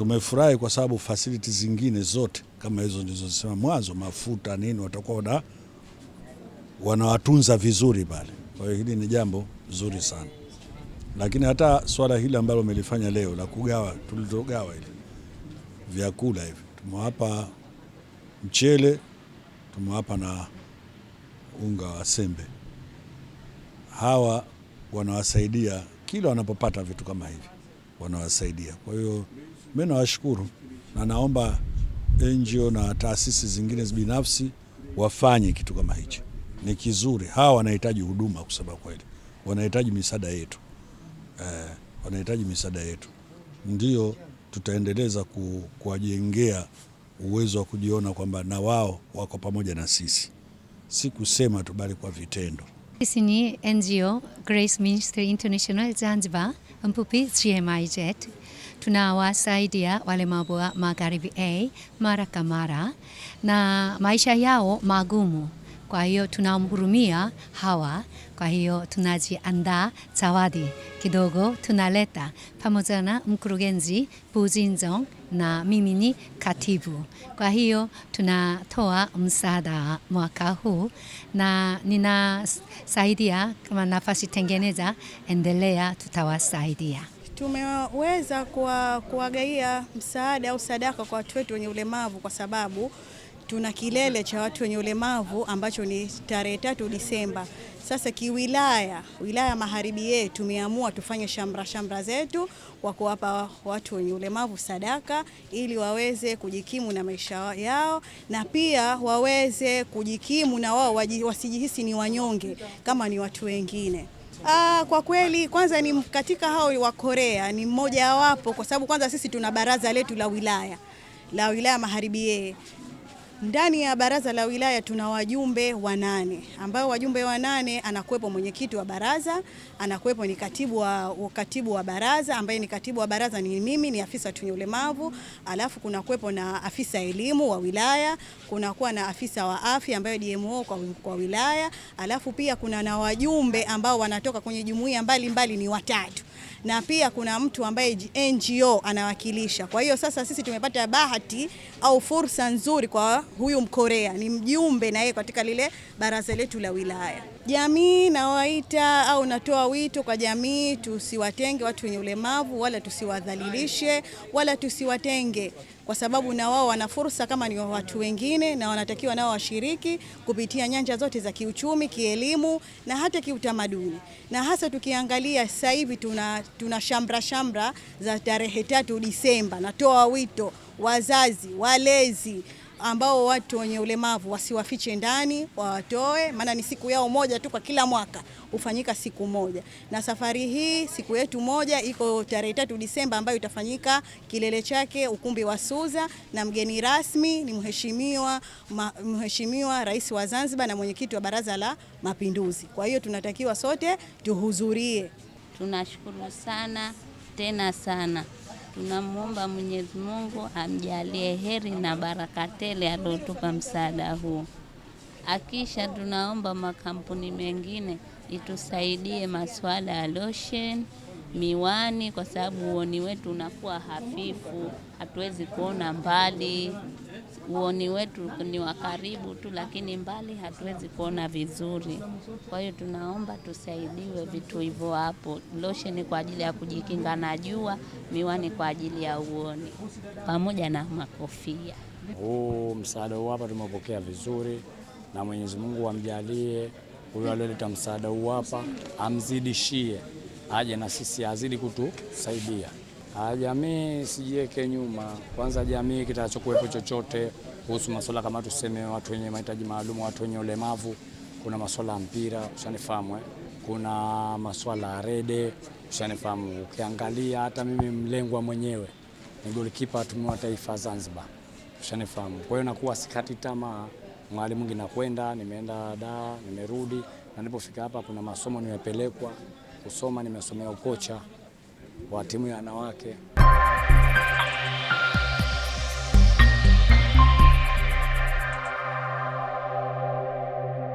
Tumefurahi kwa sababu facilities zingine zote kama hizo nilizosema mwanzo, mafuta nini, watakuwa wana wanawatunza vizuri pale. Kwa hiyo hili ni jambo zuri sana, lakini hata swala hili ambalo umelifanya leo la kugawa, tulizogawa hili vyakula hivi, tumewapa mchele, tumewapa na unga wa sembe. Hawa wanawasaidia kila wanapopata vitu kama hivi wanawasaidia, kwa hiyo mimi nawashukuru na naomba NGO na taasisi zingine binafsi wafanye kitu kama hicho, ni kizuri. Hawa wanahitaji huduma, kusema kweli, wanahitaji misaada yetu eh, wanahitaji misaada yetu, ndio tutaendeleza ku, kuwajengea uwezo wa kujiona kwamba na wao wako pamoja na sisi, si kusema tu, bali kwa vitendo. Sisi ni NGO Grace Ministry International Zanzibar, mpupi GMIZ tunawasaidia walemavu wa Magharibi A mara kwa mara na maisha yao magumu, kwa hiyo tunamhurumia hawa. Kwa hiyo tunajiandaa, zawadi kidogo tunaleta pamoja na mkurugenzi Buzinzong na mimi ni katibu. Kwa hiyo tunatoa msaada mwaka huu na ninasaidia kama nafasi tengeneza endelea, tutawasaidia tumeweza kuwagaia msaada au sadaka kwa watu wetu wenye ulemavu kwa sababu tuna kilele cha watu wenye ulemavu ambacho ni tarehe tatu Disemba. Sasa kiwilaya, wilaya magharibi yetu tumeamua tufanye shamra shamra zetu kwa kuwapa watu wenye ulemavu sadaka ili waweze kujikimu na maisha yao na pia waweze kujikimu na wao wasijihisi ni wanyonge kama ni watu wengine. Aa, ah, kwa kweli kwanza ni katika hao wa Korea ni mmoja wapo, kwa sababu kwanza sisi tuna baraza letu la wilaya la wilaya Magharibi yeye ndani ya baraza la wilaya tuna wajumbe wanane, ambao wajumbe wanane anakuwepo mwenyekiti wa baraza, anakuwepo ni katibu wa, katibu wa baraza ambaye ni katibu wa baraza ni mimi, ni afisa tunye ulemavu, alafu kuna kuwepo na afisa elimu wa wilaya, kuna kuwa na afisa wa afya ambaye DMO kwa, kwa wilaya, alafu pia kuna na wajumbe ambao wanatoka kwenye jumuiya mbalimbali ni watatu na pia kuna mtu ambaye NGO anawakilisha. Kwa hiyo sasa sisi tumepata bahati au fursa nzuri kwa huyu Mkorea, ni mjumbe na yeye katika lile baraza letu la wilaya. Jamii nawaita au natoa wito kwa jamii, tusiwatenge watu wenye ulemavu wala tusiwadhalilishe wala tusiwatenge, kwa sababu na wao wana fursa kama ni watu wengine, na wanatakiwa nao washiriki kupitia nyanja zote za kiuchumi, kielimu na hata kiutamaduni. Na hasa tukiangalia sasa hivi tuna, tuna shamra shamra za tarehe tatu Disemba. Natoa wito wazazi, walezi ambao watu wenye ulemavu wasiwafiche ndani, wawatoe, maana ni siku yao moja tu kwa kila mwaka, hufanyika siku moja. Na safari hii siku yetu moja iko tarehe tatu Disemba, ambayo itafanyika kilele chake ukumbi wa Suza, na mgeni rasmi ni mheshimiwa mheshimiwa Rais wa Zanzibar na mwenyekiti wa Baraza la Mapinduzi. Kwa hiyo tunatakiwa sote tuhudhurie. Tunashukuru sana tena sana. Tunamwomba Mwenyezi Mungu amjalie heri na baraka tele aliotupa msaada huu. Akisha tunaomba makampuni mengine itusaidie maswala ya lotion, miwani, kwa sababu uoni wetu unakuwa hafifu, hatuwezi kuona mbali uoni wetu ni wa karibu tu, lakini mbali hatuwezi kuona vizuri. Kwa hiyo tunaomba tusaidiwe vitu hivyo hapo, losheni kwa ajili ya kujikinga na jua, miwani kwa ajili ya uoni, pamoja na makofia. Huu msaada huu hapa tumepokea vizuri, na Mwenyezi Mungu amjalie huyo alioleta msaada huu hapa, amzidishie aje na sisi azidi kutusaidia. Ah, jamii sijiweke nyuma kwanza. Jamii kitachokuwepo chochote kuhusu masuala kama tuseme, watu wenye mahitaji maalum, watu wenye ulemavu, kuna masuala ya mpira ushanifahamu eh? kuna masuala ya rede ushanifahamu. Ukiangalia hata mimi mlengwa mwenyewe ni golikipa ya taifa Zanzibar ushanifahamu. Kwa hiyo nakuwa sikati tamaa, mwali mwingi nakwenda, nimeenda da, nimerudi na nilipofika hapa kuna masomo nimepelekwa kusoma, nimesomea ukocha wa timu ya wanawake.